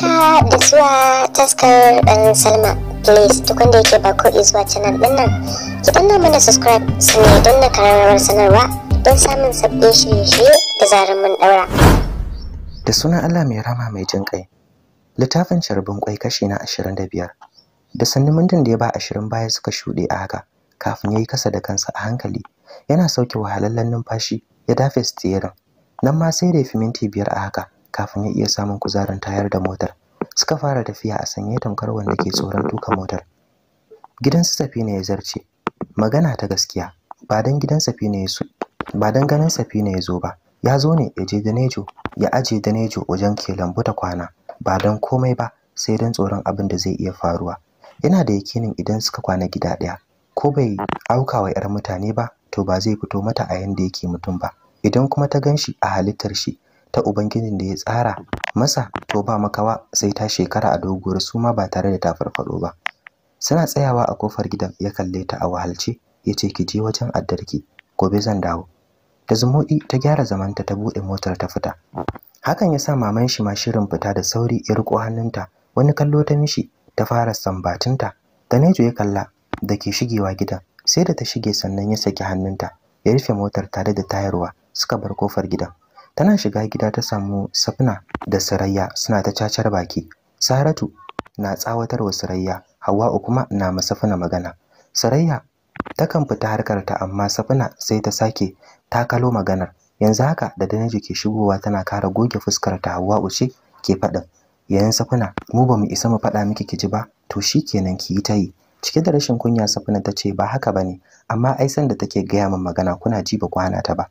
haka da zuwa taskar dan salma please duk wanda yake ba ko zuwa canal din nan ki danna mana subscribe su ne don na kararrawar sanarwa don samun sabbin shirye-shirye da zarar mun daura da sunan allah mai rama mai jin kai littafin carbin kwai kashi na ashirin da biyar da sannu mundin da ya ba ashirin baya suka shuɗe a haka kafin ya yi kasa da kansa a hankali yana sauke wahalallen numfashi ya dafe tseren nan ma sai da ya fi minti biyar a haka kafin ya iya samun kuzarin tayar da motar suka fara tafiya a sanye tamkar wanda ke tsoron tuka motar gidan su safina ya zarce magana ta gaskiya ba dan gidan safina ya ba dan ganin safina ya zo ba ya zo ne ya je danejo ya aje danejo wajen ke lambu ta kwana ba dan komai ba sai dan tsoron abin da zai iya faruwa yana da yakinin idan suka kwana gida daya ko bai auka wa 'yar mutane ba to ba zai fito mata a yanda yake mutum ba idan kuma ta ganshi a halittar shi ta ubangijin da ya tsara masa to ba makawa sai ta shekara a doguwar suma ba tare da ta farfado ba suna tsayawa a kofar gidan ya kalle ta a wahalce ya ce ki je wajen addarki gobe zan dawo da zumuɗi ta gyara zamanta ta buɗe motar ta fita hakan ya sa maman shi ma shirin fita da sauri ya riko hannunta wani kallo ta mishi ta fara sambatinta Danejo ya kalla da ke shigewa gidan sai da ta shige sannan ya saki hannunta ya rufe motar tare da tayarwa suka bar kofar gidan tana shiga gida ta samu safna da sarayya suna ta cacar baki saratu na tsawatar tsawatarwa sarayya hawa'u kuma na Safina magana sarayya takan fita harkar ta, amma safina sai ta sake takalo maganar yanzu haka da danaji ke shigowa tana kara goge fuskar ta hawa'u ce ke faɗin yayin safina mu ba mu isa mu faɗa miki kiji ba to shikenan ki yi ta yi cike da rashin kunya safina ta ce ba haka bane amma ai san da take gaya min magana kuna ji ba kwana ta ba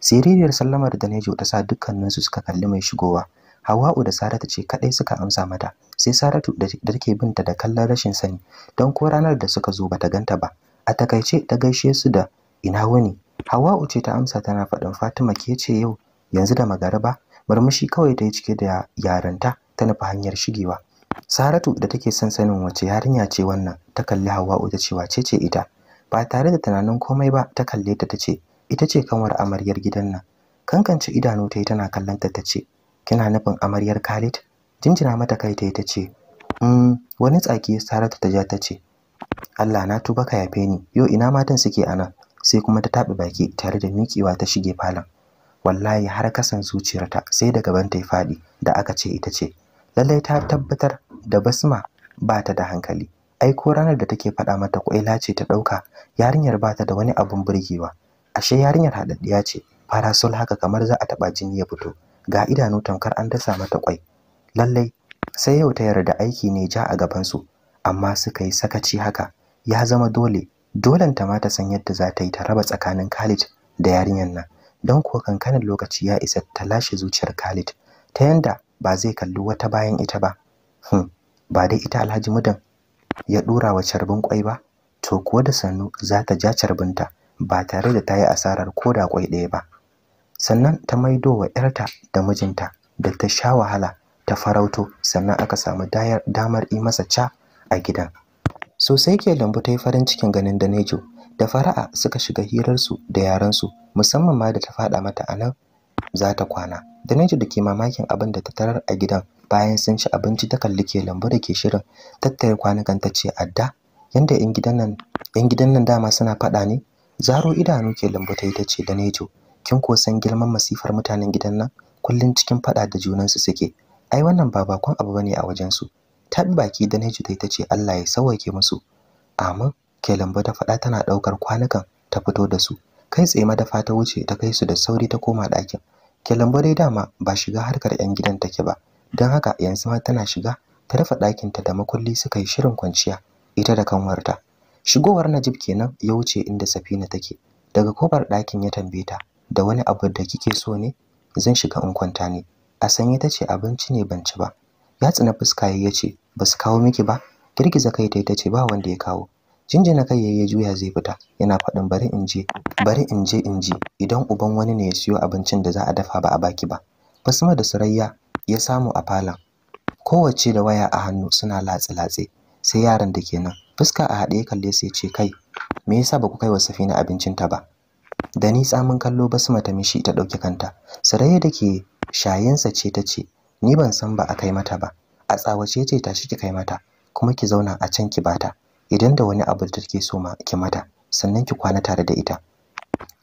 siririyar sallamar da nejo ta sa dukkaninsu suka kalli mai shigowa hawa'u da saratu ce kaɗai suka amsa mata sai saratu da take binta da kallon rashin sani don ko ranar da suka zo bata ganta ba a takaice ta gaishe su da ina wani hawa'u ce ta amsa tana faɗin fatima ke ce yau yanzu da magariba murmushi kawai ta yi cike da yaranta ta nufi hanyar shigewa saratu da take son sanin wace yarinya ce wannan ta kalli hawa'u ta ce wace ce ita ba tare da tunanin komai ba ta kalle ta ta ce ita ce kanwar amaryar gidan nan kankance idanu ta yi tana kallon ta ta ce kina nufin amaryar Khalid jinjina mata kai ta yi ce mm wani tsaki Saratu ta ja ta ce Allah na tuba ka yafe ni yo ina matan suke ana sai kuma ta taɓa baki tare da mikiwa ta shige falon wallahi har kasan zuciyarta sai da gaban ta yi faɗi da aka ce ita ce lallai ta tabbatar da basma ba ta da hankali ai ko ranar da take faɗa mata kwaila ce ta ɗauka yarinyar ba ta da wani abun burgewa ashe yarinyar haɗaɗɗiya ce sul haka kamar za a taɓa jini ya fito ga idanu tamkar an dasa mata kwai lallai sai yau ta yarda aiki ne ja a gabansu amma suka yi sakaci haka ya zama dole dolen ta ma ta san yadda za ta yi ta raba tsakanin Khalid da yarinyar nan don ko kankanin lokaci ya isa ta lashe zuciyar Khalid ta yanda ba zai kalli wata bayan ita ba hmm. ba dai ita Alhaji Mudan ya ɗura wa carbin kwai ba to kuwa da sannu za ta ja carbinta ba tare da ta yi asarar koda kwai ɗaya ba sannan ta maido wa 'yarta da mijinta da ta sha wahala ta farauto sannan aka samu damar yi masa ca a gidan sosai ke lambu ta yi farin cikin ganin danejo da fara'a suka shiga hirarsu da yarensu musamman ma da ta faɗa mata a nan za ta kwana danejo da ke mamakin abin da ta tarar a gidan bayan sun ci abinci ta kalli ke lambu da ke shirin tattare kwanukan ta ce adda yanda 'yan gidan nan dama suna faɗa ne zaro idanu ke lambatai ta ce da nejo kin ko san girman masifar mutanen gidan nan kullun cikin fada da junansu suke ai wannan ba bakon abu bane a wajen su tabi baki da danejo ta ce Allah ya sauke musu amma ke lamba ta fada tana daukar kwanukan ta fito da su kai tsaye madafa ta wuce ta kai su da sauri ta koma ɗakin ke lamba dai dama ba shiga harkar yan gidan take ba dan haka yanzu ma tana shiga ta rufe ɗakinta da makulli suka yi shirin kwanciya ita da kanwarta shigowar najib kenan ya wuce inda safina take daga kofar ɗakin ya tambaye ta da wani abu da kike so ne zan shiga in kwanta ne a sanye ta abinci ne ban ci ba ya tsina fuska ya ce ba su kawo miki ba girgiza kai ta ce ba wanda ya kawo jinjina kai ya juya zai fita yana faɗin bari in je bari in je in je idan uban wani ne ya siyo abincin da za a dafa ba a baki ba basma da surayya ya samu a falon kowace da waya a hannu suna latsi-latsi sai yaran da kenan fuska a haɗe ya kalle su ya ce kai me yasa baku kai wa safina ta ba da ni tsamin kallo basma ta mishi ta ɗauki kanta sarayya da ke shayensa ce ta ce ni ban san ba a kai mata ba a tsawace ce ta shi ki kai mata kuma ki zauna a can ki bata idan da wani abu da take so ma ki mata sannan ki kwana tare da ita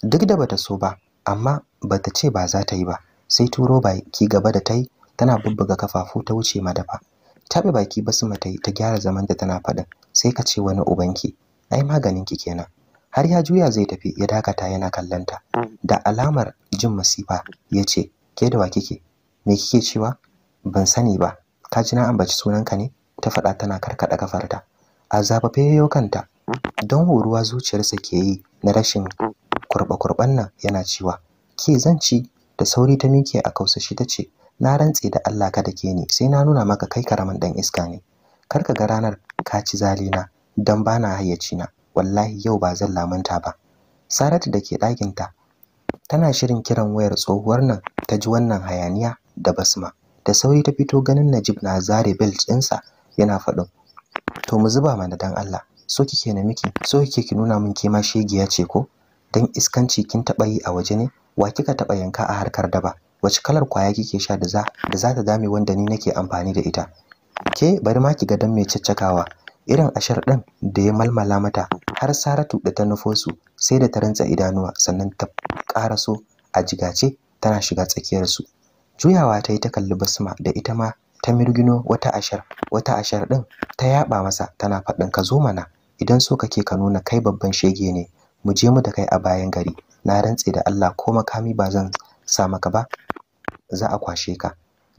duk da bata so ba amma bata ce ba za ta yi ba sai turo bai, ki gaba da tai tana bubbuga kafafu ta wuce madafa tabe baki basma ta ta gyara zaman da tana faɗin sai ka ce wani ubanki ai maganin ki kenan har ya juya zai tafi ya dakata yana kallanta da alamar jin masifa ya ce ke da wa kike me kike cewa ban sani ba ka ji na ambaci sunanka ne ta faɗa tana karkaɗa kafarta a yayo kanta don horuwa zuciyarsa ke yi na rashin kurɓa-kurɓan nan yana cewa ke zanci da sauri ta mike a kausashi ta ce na rantse da Allah ka dake ni sai na nuna maka kai karamin dan iska ne kar ka ga ranar ka ci zalina dan bana hayyaci na wallahi yau ba zan lamunta ba Saratu dake ɗakin ta tana shirin kiran wayar tsohuwar nan ta ji wannan hayaniya da basma da sauri ta fito ganin Najib na zare belt ɗinsa yana faɗo. to mu zuba mana dan Allah so kike na miki so kike ki nuna min kima shegiya ce ko dan iskanci kin taɓa yi a waje ne wa kika taɓa yanka a harkar daba wace kalar kwaya kike sha da za da za ta dame wanda ni nake amfani da ita ke bari ma ki ga dan mai caccakawa irin ashar din da ya malmala mata har Saratu da ta nufo su sai da ta rantsa idanuwa sannan ta karaso a jigace tana shiga tsakiyar su juyawa ta yi ta kalli basma da ita ma ta mirgino wata ashar wata ashar din ta yaba masa tana faɗin ka zo mana idan so kake ka nuna kai babban shege ne mu je mu da kai a bayan gari na rantse da Allah ko makami ba zan sa maka ba za a kwashe ka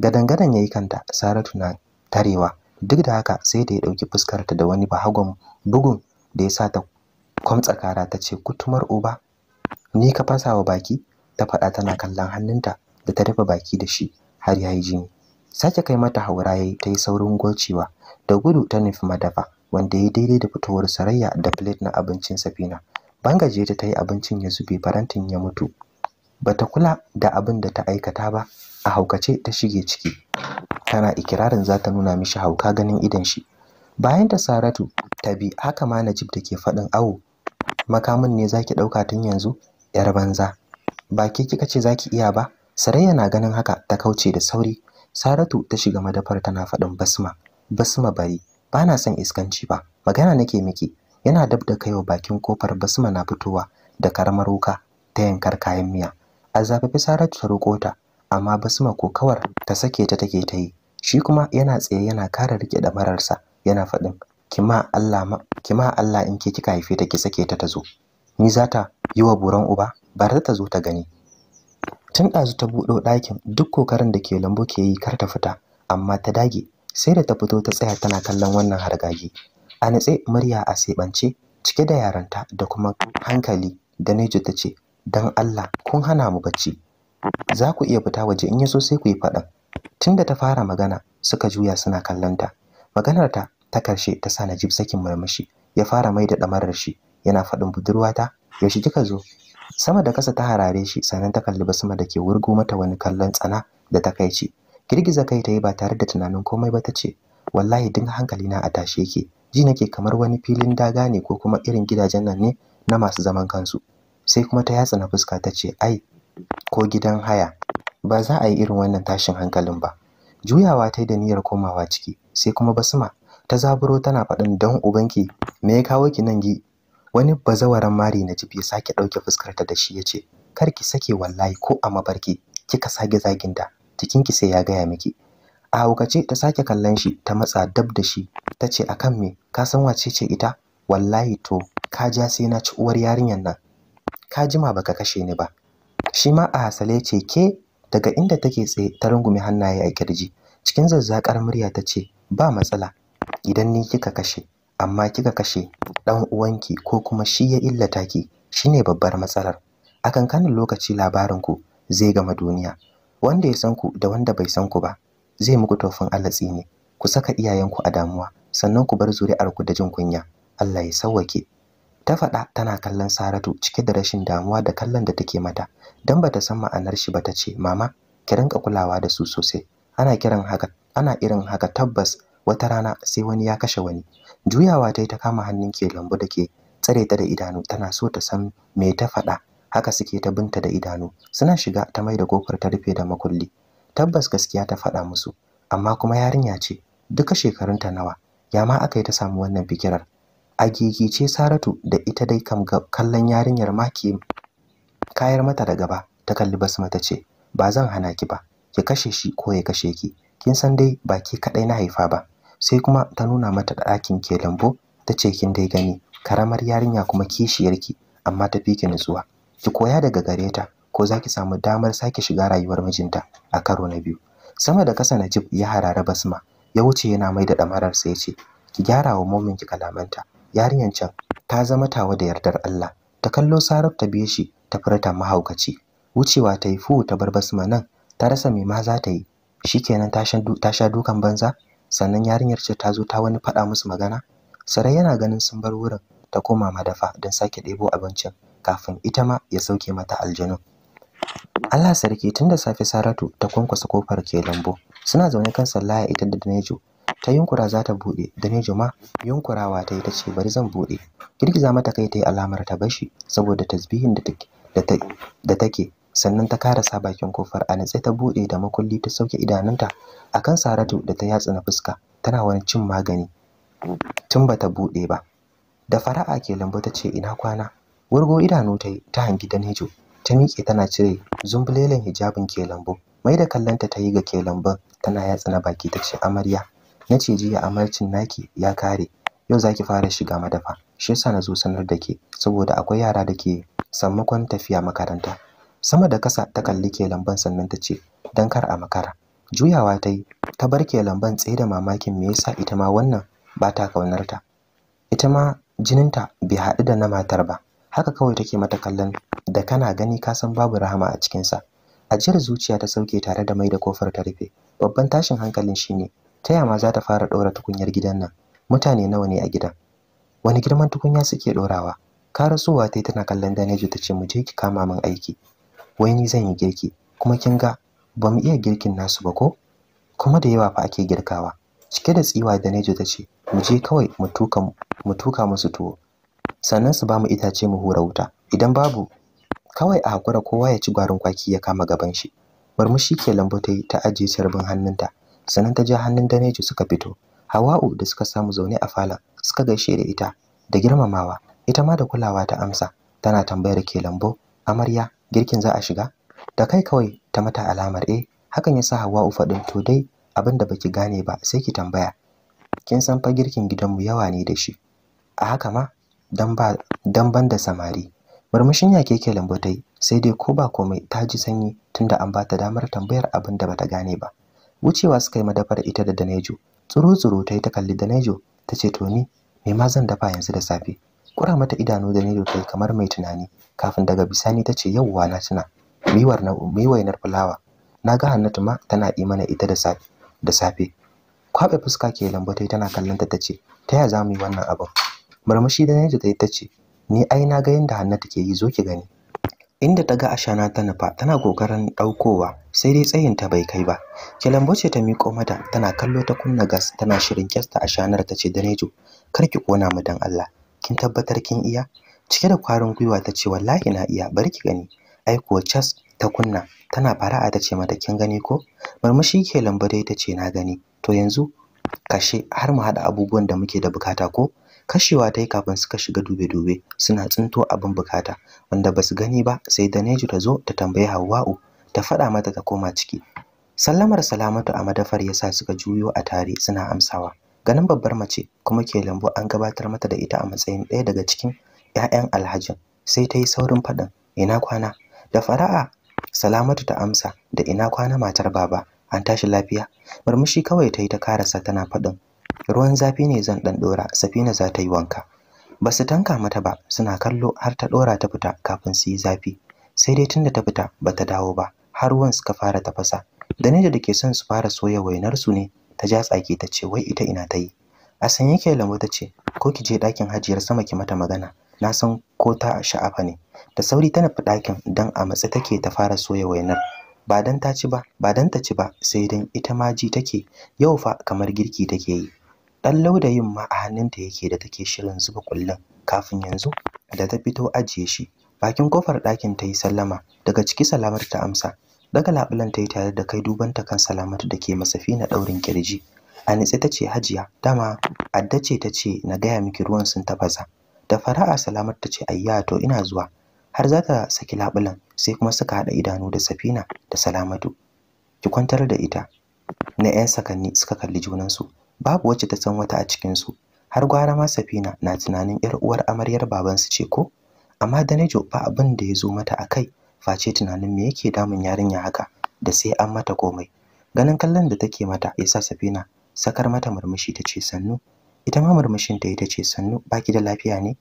gadangadan yayi kanta saratu na tarewa duk da haka sai da ya dauki fuskar ta da wani bahagon bugun da ya sa ta kwamtsa kara ta ce kutumar uba ni ka wa baki ta faɗa tana kallon hannunta da ta rufe baki da shi har yayi jini sake kai mata haura yayi ta yi saurin gocewa da gudu ta nufi madafa wanda ya daidai da fitowar sarayya da plate na abincin safina bangaje ta yi abincin ya zube farantin ya mutu bata kula da abin da ta aikata ba a haukace ta shige ciki tana ikirarin za ta nuna mishi hauka ganin idan shi bayan ta saratu ta bi haka ma najib da ke faɗin awo makamin ne zaki ɗauka tun yanzu yar banza ba ke kika ce zaki iya ba sarayya na ganin haka ta kauce da sauri saratu ta shiga madafar tana faɗin basma basma bari ba na son iskanci ba magana nake miki yana dab da kaiwa bakin kofar basma na fitowa da karamar wuka ta yankar kayan miya a zafafi Saratu ta roƙo ta amma Basma ko kawar ta sake ta take ta yi shi kuma yana tsaye yana kare rike da mararsa yana faɗin kima Allah kima Allah in ke kika haife ta ki sake ta tazo ni za ta yi wa buran uba bar ta zo ta gani tun ɗazu ta buɗo ɗakin duk kokarin da ke lambu ke yi kar ta fita amma ta dage sai da ta fito ta tsaya tana kallon wannan hargagi a natse murya a seɓance cike da yaranta da kuma hankali da nejo ta ce dan Allah kun hana mu bacci za ku iya fita waje in yaso sai ku yi faɗan tunda ta fara magana suka juya suna kallonta maganar ta ta karshe ta sa Najib sakin murmushi ya fara mai da damarar shi yana faɗin budurwata yaushe kika zo sama da kasa ta harare shi sannan ta kalli sama da ke wurgo mata wani kallon tsana da ta ci girgiza kai ta yi ba tare da tunanin komai ba ta ce wallahi din na a tashe yake ji nake kamar wani filin daga ne ko kuma irin gidajen nan ne na masu zaman kansu sai kuma ta yatsa na fuska ta ce ai ko gidan haya ba za a yi irin wannan tashin hankalin ba juyawa ta yi da niyyar komawa ciki sai kuma basma ta zaburo tana faɗin don ubanki me ya kawo ki nan gi wani bazawaran mari na jibi sake ɗauke ta da shi ya ce kar ki sake wallahi ko a mabarki kika sage da zaginta jikinki sai ya gaya miki a haukace ta sake kallon shi ta matsa dab da shi ta ce akan me ka san wace ce ita wallahi to ka ja sai na ci uwar yarinyar nan ka jima baka kashe ni ba shi ma a hasale ce ke daga inda take tsaye ta rungume hannaye a kirji cikin zazzakar murya ta ce ba matsala idan ni kika kashe amma kika kashe dan uwanki ko kuma shi ya illata ki shine babbar matsalar a kankanin lokaci labarin ku zai gama duniya wanda ya san ku da wanda bai san ku ba zai muku tofin alatsi ne ku saka iyayenku a damuwa sannan ku bar zuri'ar ku da jin kunya Allah ya sauwake ta faɗa tana kallon Saratu cike da rashin damuwa da kallon da take mata dan bata san ma'anar shi ba ta ce mama ki rinka kulawa da su sosai ana kiran haka ana irin haka tabbas wata rana sai wani ya kashe wani juyawa ta yi ta kama hannun ke lambu da ke tsare ta da idanu tana so ta san me ta faɗa haka suke ta binta da idanu suna shiga ta mai da kofar ta rufe da makulli tabbas gaskiya ta faɗa musu amma kuma yarinya ce duka shekarunta nawa ya ma aka yi ta samu wannan fikirar a gigice saratu da ita dai kam kallon yarinyar maki. kayar mata da gaba ta kalli basma ta ce ba zan hana ki ba ki kashe shi ko ya kashe ki kin san dai ba ki kadai na haifa ba sai kuma ta nuna mata da ɗakin ke lambo ta ce kin dai gani karamar yarinya kuma kishiyar ki, amma ta fi ki nutsuwa ki koya daga gare ta ko za ki samu damar sake shiga rayuwar mijinta a karo na biyu sama da kasa najib ya harara basma ya wuce yana mai da ɗamararsa ya ce ki gyara wa momin ki kalamanta yarinyar can ta zama tawa da yardar Allah ta kallo Sarab ta biye shi ta furta mahaukaci wucewa ta yi fu ta bar basma nan ta rasa me ma za ta yi shikenan ta sha dukan banza sannan yarinyar ce ta zo ta wani faɗa musu magana sarai yana ganin sun bar wurin ta koma madafa don sake ɗebo abincin kafin ita ma ya sauke mata aljanun Allah sarki tun da safe Saratu ta kwankwasa kofar ke lambu suna zaune kan sallaya ita da Danejo ta yunkura za ta buɗe da ne ma yunkurawa ta yi ta ce bari zan buɗe girgiza mata kai ta yi alamar ta bashi saboda tasbihin da take da sannan ta karasa bakin kofar a natse ta buɗe da makulli ta sauke idanunta akan saratu da ta yatsa na fuska tana wani cin magani tun ba ta buɗe ba da fara'a ke lambu ta ce ina kwana wurgo idanu ta yi ta hangi da nejo ta miƙe tana cire zumbulelen hijabin ke lambu mai da kallanta ta yi ga ke lambun tana yatsa na baki ta ce amarya nace jiya amarcin naki ya kare yau zaki fara shiga madafa shi yasa nazo sanar da ke saboda akwai yara da ke sammakon tafiya makaranta sama da kasa ta kalli ke lamban sannan ta ce dan kar a makara juyawa ta yi ta bar ke lamban tsaye da mamakin me yasa ita ma wannan ba ta kaunar ta ita ma jininta bai haɗu da na matar ba haka kawai take mata kallon da kana gani ka san babu rahama a cikinsa ajiyar zuciya ta sauke tare da mai da kofar ta rufe babban tashin hankalin shine ta yama za ta fara ɗora tukunyar gidan nan mutane nawa ne a gidan wani girman tukunya suke ɗorawa rasuwa ta yi tana kallon danejo ta ce mu je ki kama min aiki wai ni zan yi girki kuma kin ga ba mu iya girkin nasu ba ko kuma da yawa fa ake girkawa cike da tsiwa danejo ta ce mu je kawai mu tuka mu musu tuwo sannan su ba mu itace mu hura wuta idan babu kawai a hakura kowa ya ci gwarin kwaki ya kama gaban shi murmushi ke lambu ta yi ta ajiye carbin hannunta sannan ta ji hannun Danejo suka fito Hawa'u da suka samu zaune a falon suka gaishe da ita da girmamawa ita ma da kulawa ta amsa tana tambayar ke lambo amarya girkin za a shiga da kai kawai ta mata alamar eh hakan yasa Hawa'u faɗin to dai abin da baki gane ba sai ki tambaya kin san fa girkin gidanmu yawa ne da shi a haka ma dan ba dan banda samari murmushin yake ke lambo tai sai dai ko ba komai ta ji sanyi tunda an ba ta damar tambayar abin da bata gane ba wucewa suka yi madafar ita da danejo tsuru tsuru ta yi ta kalli danejo ta ce to ni me ma zan dafa yanzu da safe kura mata idanu danejo ta yi kamar mai tunani kafin daga bisani ta ce yauwa na tuna miwar na wainar fulawa na ga hannatu ma tana yi mana ita da safe da safe kwaɓe fuska ke yi tana kallon ta ce ta ya za mu yi wannan abin murmushi Danejo ta yi ta ce ni ai na ga yadda hannatu ke yi zo ki gani inda ta ga ashana ta nufa tana kokarin daukowa sai dai tsayin ta bai kai ba kilambo ce ta miko mata tana kallo ta kunna gas tana shirin kesta ashanar ta ce danejo kar ki kona mu dan Allah kin tabbatar kin iya cike da kwarin gwiwa ta ce wallahi na iya bari ki gani ai ko cas ta kunna tana fara'a ta ce mata kin gani ko murmushi ke lambo dai ta ce na gani to yanzu kashe har mu hada abubuwan da muke da bukata ko kashewa ta yi kafin suka shiga dube-dube suna tsinto abin bukata wanda ba su gani ba sai neji ta zo ta tambayi hawa'u ta faɗa mata ta koma ciki sallamar salamatu a madafar ya sa suka juyo a tare suna amsawa ganin babbar mace kuma ke lambu an gabatar mata da ita a matsayin ɗaya daga cikin 'ya'yan alhajin sai ta yi saurin faɗin ina kwana da fara'a salamatu ta amsa da ina kwana matar baba an tashi lafiya murmushi kawai ta yi ta karasa tana faɗin ruwan zafi ne zan dan dora safina za ta yi wanka ba su tanka mata ba suna kallo har ta dora ta fita kafin su yi zafi sai dai tunda ta fita ba ta dawo ba har ruwan suka fara tafasa da ne da ke son su fara soya wainar su ne ta ja tsaki ta ce wai ita ina ta yi a san yake lambu ta ce ko ki je dakin hajiyar sama ki mata magana na san ko ta sha'afa ne da sauri ta nufi ɗakin don a matsi take ta fara soya wainar ba dan ta ci ba ba dan ta ci ba sai dan ita ma ji take yau fa kamar girki take yi ɗan laudayin ma a hannunta yake da take shirin zuba ƙullin kafin yanzu da ta fito ajiye shi bakin kofar ɗakin ta yi sallama daga ciki salamatu ta amsa daga labulen ta yi tare da kai duban ta kan salamatu da ke masafi na ɗaurin kirji a nitse ta ce hajiya dama adda ce ta ce na gaya miki ruwan sun tafasa da fara'a salamar ta ce ayya to ina zuwa har za ta saki labulan sai kuma suka haɗa idanu da safina da salamatu ki kwantar da ita na 'yan sakanni suka kalli junansu babu wacce ta san wata a cikinsu har gwara ma safina na tunanin yar uwar amaryar babansu ce ko amma danejo ba abin da ya zo mata a kai face tunanin me yake damun yarinya haka da sai an mata komai ganin kallon da take mata ya sa safina sakar mata murmushi ta ce sannu ita ma murmushin ta ita ce sannu baki da lafiya ne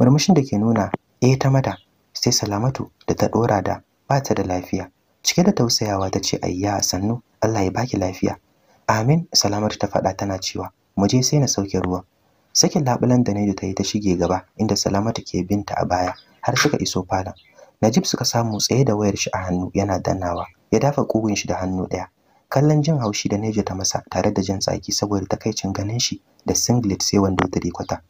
murmushin da ke nuna eh ta mata sai salamatu da ta dora da bata da lafiya cike da tausayawa ta ce ayya sannu Allah ya baki lafiya Amin salamar ta faɗa tana cewa mu je sai na sauke ruwan. Sakin labulan da Naidu ta yi ta shige gaba inda Salamatu ke binta a baya har suka iso falon. Najib suka samu tsaye da wayar shi a hannu yana dannawa ya dafa kugun shi da hannu ɗaya. Kallon jin haushi da Naidu ta masa tare da jin tsaki saboda takaicin ganin shi da singlet sai wando tiri kwata.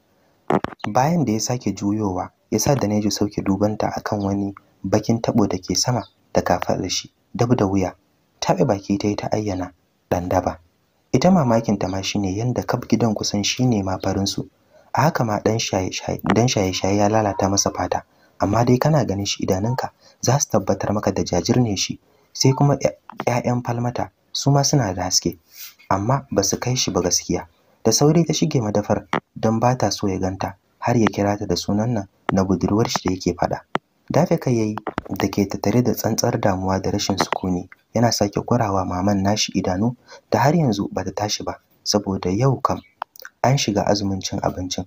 Bayan da ya sake juyowa ya sa da Naidu sauke dubanta akan wani bakin tabo da ke sama da kafaɗar shi dab da wuya. Taɓe baki ta yi ta ayyana ɗan daba. ita mamakin ta ma shine yanda kaf gidan kusan shine ma farin su a haka ma dan shaye shaye dan shaye shaye ya lalata masa fata amma dai kana ganin shi idanunka za su tabbatar maka da jajir ne shi sai kuma ƴaƴan falmata su ma suna da haske amma ba su kai shi ba gaskiya da sauri ta shige madafar don ba ta so ya ganta har ya kira ta da sunan nan na budurwar shi da yake faɗa dafe kai yayi da ke tattare da tsantsar damuwa da rashin sukuni yana sake kurawa maman nashi idanu da har yanzu ba ta tashi ba saboda yau kam an shiga azumin cin abincin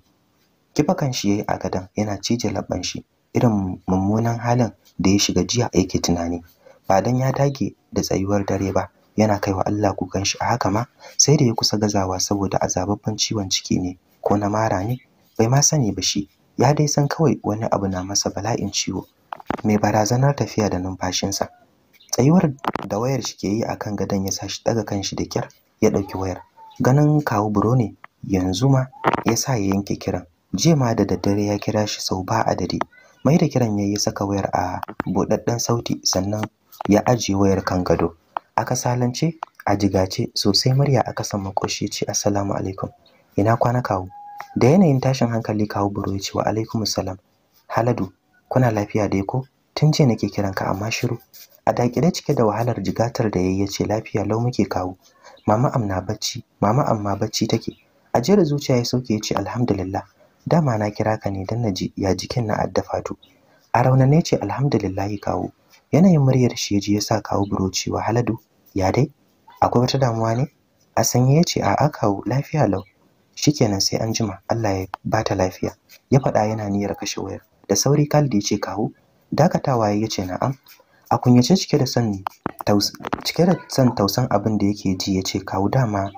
kifa kan shi yayi a gadan yana cije labban shi irin mummunan halin da ya shiga jiya yake tunani ba dan ya dage da tsayuwar dare ba yana kaiwa Allah kukan shi a haka ma sai da ya kusa gazawa saboda azababban ciwon ciki ne ko na mara ne bai ma sani ba shi ya dai san kawai wani abu na masa bala'in ciwo mai barazanar tafiya da numfashinsa tsayuwar da wayar shi ke yi a kan gadon ya sa shi daga shi da kyar ya ɗauki wayar ganin kawo buro ne yanzu ma ya sa ya yanke kiran jiya ma da daddare ya kira shi sau ba a dare mai da kiran ya yi saka wayar a buɗaɗɗen sauti sannan ya ajiye wayar kan gado a kasalance a jigace sosai murya a kasan makoshi ce assalamu alaikum ina kwana kawo da yanayin tashin hankali kawo buro ya ce wa alaikum salam haladu kuna lafiya dai ko tun ce nake kiran ka amma shiru a dakile cike da wahalar jigatar da yayi yace lafiya lau muke kawo mama amna bacci mama amma bacci take jira zuciya ya sauke yace alhamdulillah dama na kira ka ne dan naji ya jikin na addafatu fatu. a raunane ce alhamdulillah kawo yanayin muryar shi yaji yasa kawo buroci wahaladu ya dai akwai wata damuwa ne a sanye yace a kawo lafiya lau shikenan sai an jima Allah ya bata lafiya ya faɗa yana niyyar kashe wayar da sauri Khalid ya ce kawo dakatawa ya ce na'am a kunyace cike da son cike da son tausan abin da yake ji ya ce kawo dama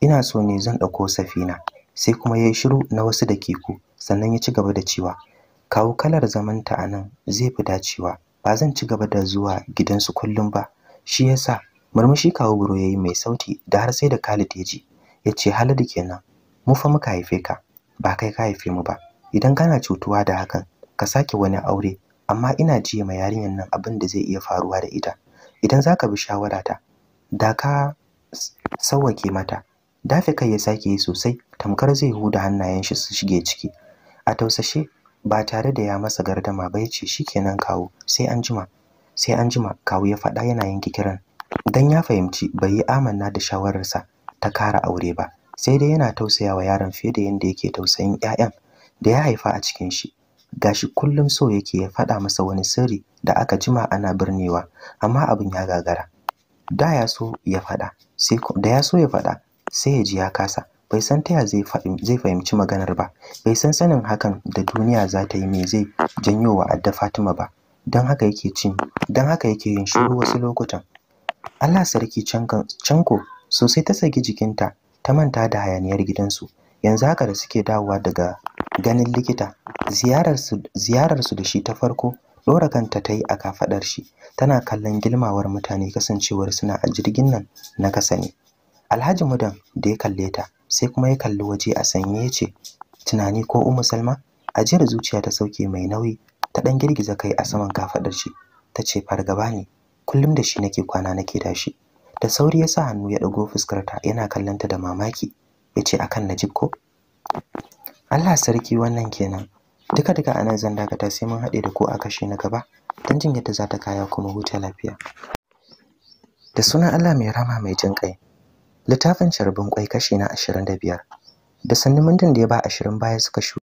ina so ne zan dauko safina sai kuma yayi shiru na wasu da dakiku sannan ya ci gaba da cewa kawo kalar zamanta a nan zai fi dacewa ba zan ci gaba da zuwa gidansu kullum ba shi yasa murmushi kawo buro yayi mai sauti da har sai da Khalid ya ji ya ce kenan mu fa muka haife ka ba kai ka haife mu ba idan kana cutuwa da hakan ka sake wani aure amma ina ji ma yarinyar nan abin da zai iya faruwa da ita idan zaka bi shawarata da ka sawwake mata dafe kai ya sake yi sosai tamkar zai huda hannayen shi su shige ciki a tausashe ba tare da ya masa gardama ba yace shikenan kawo sai an jima sai an jima kawo ya faɗa yana yanke kiran dan ya fahimci bai yi amanna da shawararsa ta kara aure ba sai dai yana tausayawa yaron fiye da yadda yake tausayin 'ya'yan da ya haifa a cikin shi gashi kullum so yake ya faɗa masa wani sirri da aka jima ana birnewa amma abin ya gagara da ya so ya faɗa sai da ya so ya faɗa sai ya ji ya kasa bai san ta zai zai fahimci maganar ba bai san sanin hakan da duniya za ta yi mai zai janyo wa adda Fatima ba don haka yake cin don haka yake yin shiru wasu lokutan Allah sarki canko sosai ta saki jikinta ta manta da hayaniyar gidansu yanzu haka da suke dawowa daga ganin likita ziyararsu da shi ta farko ɗora kanta ta yi a kafaɗar shi tana kallon gilmawar mutane kasancewar suna a jirgin nan na kasa ne alhaji mudan da ya kalle ta sai kuma ya kalli waje a sanye ya ce tunani ko umu salma ajiyar zuciya ta sauke mai nauyi ta ɗan girgiza kai a saman kafaɗar shi ta ce fargaba ne kullum da shi nake kwana nake dashi da sauri ya sa hannu ya ɗago fuskarta yana kallonta da mamaki ya ce akan najib ko Allah sarki wannan kenan duka duka anan zan dakata sai mun haɗe da ko a kashi na gaba don jin yadda za ta kaya kuma huta lafiya da sunan Allah mai rama mai jin kai littafin carbin kwai kashi na 25 da biyar, da ya ba 20 baya suka shu